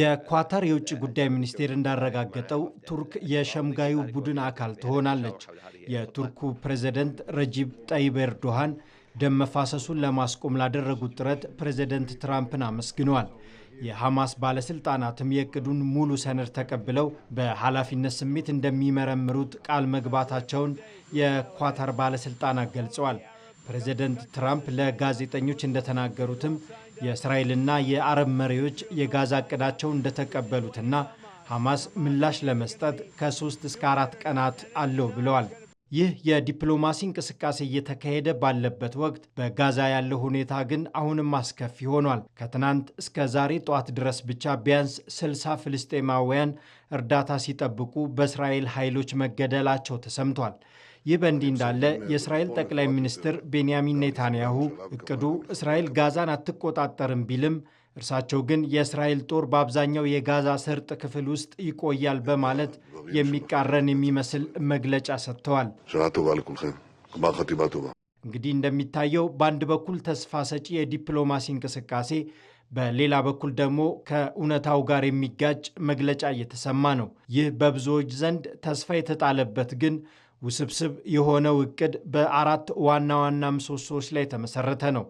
የኳታር የውጭ ጉዳይ ሚኒስቴር እንዳረጋገጠው ቱርክ የሸምጋዩ ቡድን አካል ትሆናለች። የቱርኩ ፕሬዝደንት ረጂብ ጠይብ ኤርዶሃን ደም መፋሰሱን ለማስቆም ላደረጉት ጥረት ፕሬዝደንት ትራምፕን አመስግነዋል። የሐማስ ባለሥልጣናትም የእቅዱን ሙሉ ሰነድ ተቀብለው በኃላፊነት ስሜት እንደሚመረምሩት ቃል መግባታቸውን የኳታር ባለሥልጣናት ገልጸዋል። ፕሬዚደንት ትራምፕ ለጋዜጠኞች እንደተናገሩትም የእስራኤልና የአረብ መሪዎች የጋዛ እቅዳቸው እንደተቀበሉትና ሐማስ ምላሽ ለመስጠት ከሶስት እስከ አራት ቀናት አለው ብለዋል። ይህ የዲፕሎማሲ እንቅስቃሴ እየተካሄደ ባለበት ወቅት በጋዛ ያለው ሁኔታ ግን አሁንም አስከፊ ሆኗል። ከትናንት እስከ ዛሬ ጠዋት ድረስ ብቻ ቢያንስ ስልሳ ፍልስጤማውያን እርዳታ ሲጠብቁ በእስራኤል ኃይሎች መገደላቸው ተሰምቷል። ይህ በእንዲህ እንዳለ የእስራኤል ጠቅላይ ሚኒስትር ቤንያሚን ኔታንያሁ እቅዱ እስራኤል ጋዛን አትቆጣጠርም ቢልም እርሳቸው ግን የእስራኤል ጦር በአብዛኛው የጋዛ ሰርጥ ክፍል ውስጥ ይቆያል በማለት የሚቃረን የሚመስል መግለጫ ሰጥተዋል። እንግዲህ እንደሚታየው በአንድ በኩል ተስፋ ሰጪ የዲፕሎማሲ እንቅስቃሴ፣ በሌላ በኩል ደግሞ ከእውነታው ጋር የሚጋጭ መግለጫ እየተሰማ ነው። ይህ በብዙዎች ዘንድ ተስፋ የተጣለበት ግን ውስብስብ የሆነው እቅድ በአራት ዋና ዋና ምሰሶዎች ላይ የተመሰረተ ነው።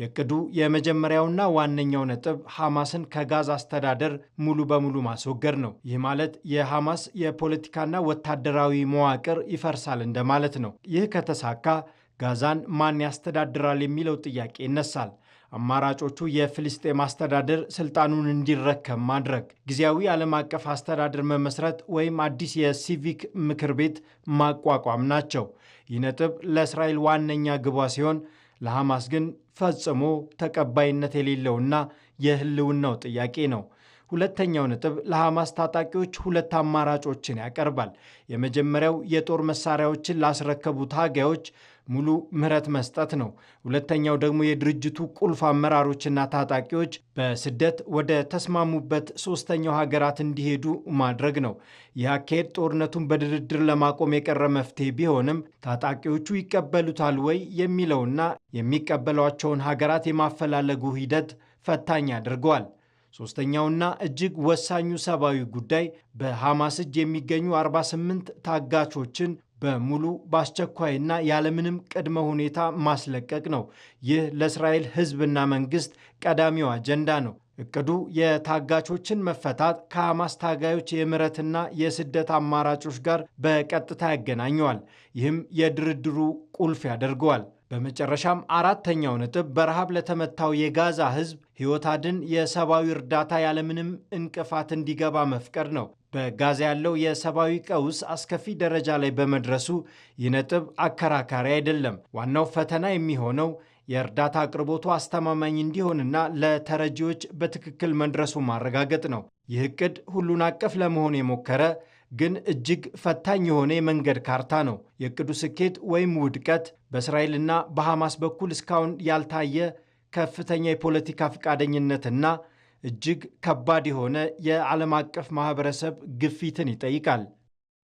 የእቅዱ የመጀመሪያውና ዋነኛው ነጥብ ሐማስን ከጋዛ አስተዳደር ሙሉ በሙሉ ማስወገድ ነው። ይህ ማለት የሐማስ የፖለቲካና ወታደራዊ መዋቅር ይፈርሳል እንደማለት ነው። ይህ ከተሳካ ጋዛን ማን ያስተዳድራል የሚለው ጥያቄ ይነሳል። አማራጮቹ የፍልስጤም አስተዳደር ስልጣኑን እንዲረከብ ማድረግ፣ ጊዜያዊ ዓለም አቀፍ አስተዳደር መመስረት ወይም አዲስ የሲቪክ ምክር ቤት ማቋቋም ናቸው። ይህ ነጥብ ለእስራኤል ዋነኛ ግቧ ሲሆን ለሐማስ ግን ፈጽሞ ተቀባይነት የሌለውና የህልውናው ጥያቄ ነው። ሁለተኛው ነጥብ ለሐማስ ታጣቂዎች ሁለት አማራጮችን ያቀርባል። የመጀመሪያው የጦር መሳሪያዎችን ላስረከቡ ታጋዮች ሙሉ ምህረት መስጠት ነው። ሁለተኛው ደግሞ የድርጅቱ ቁልፍ አመራሮችና ታጣቂዎች በስደት ወደ ተስማሙበት ሶስተኛው ሀገራት እንዲሄዱ ማድረግ ነው። ይህ አካሄድ ጦርነቱን በድርድር ለማቆም የቀረ መፍትሄ ቢሆንም ታጣቂዎቹ ይቀበሉታል ወይ የሚለውና የሚቀበሏቸውን ሀገራት የማፈላለጉ ሂደት ፈታኝ አድርገዋል። ሶስተኛውና እጅግ ወሳኙ ሰብአዊ ጉዳይ በሐማስ እጅ የሚገኙ 48 ታጋቾችን በሙሉ በአስቸኳይና ያለምንም ቅድመ ሁኔታ ማስለቀቅ ነው። ይህ ለእስራኤል ሕዝብና መንግስት ቀዳሚው አጀንዳ ነው። እቅዱ የታጋቾችን መፈታት ከሐማስ ታጋዮች የምረትና የስደት አማራጮች ጋር በቀጥታ ያገናኘዋል። ይህም የድርድሩ ቁልፍ ያደርገዋል። በመጨረሻም አራተኛው ነጥብ በረሃብ ለተመታው የጋዛ ሕዝብ ሕይወት አድን የሰብአዊ እርዳታ ያለምንም እንቅፋት እንዲገባ መፍቀድ ነው። በጋዛ ያለው የሰብአዊ ቀውስ አስከፊ ደረጃ ላይ በመድረሱ ይህ ነጥብ አከራካሪ አይደለም። ዋናው ፈተና የሚሆነው የእርዳታ አቅርቦቱ አስተማማኝ እንዲሆንና ለተረጂዎች በትክክል መድረሱ ማረጋገጥ ነው። ይህ ዕቅድ ሁሉን አቀፍ ለመሆን የሞከረ ግን እጅግ ፈታኝ የሆነ የመንገድ ካርታ ነው። የእቅዱ ስኬት ወይም ውድቀት በእስራኤልና በሐማስ በኩል እስካሁን ያልታየ ከፍተኛ የፖለቲካ ፈቃደኝነትና እጅግ ከባድ የሆነ የዓለም አቀፍ ማኅበረሰብ ግፊትን ይጠይቃል።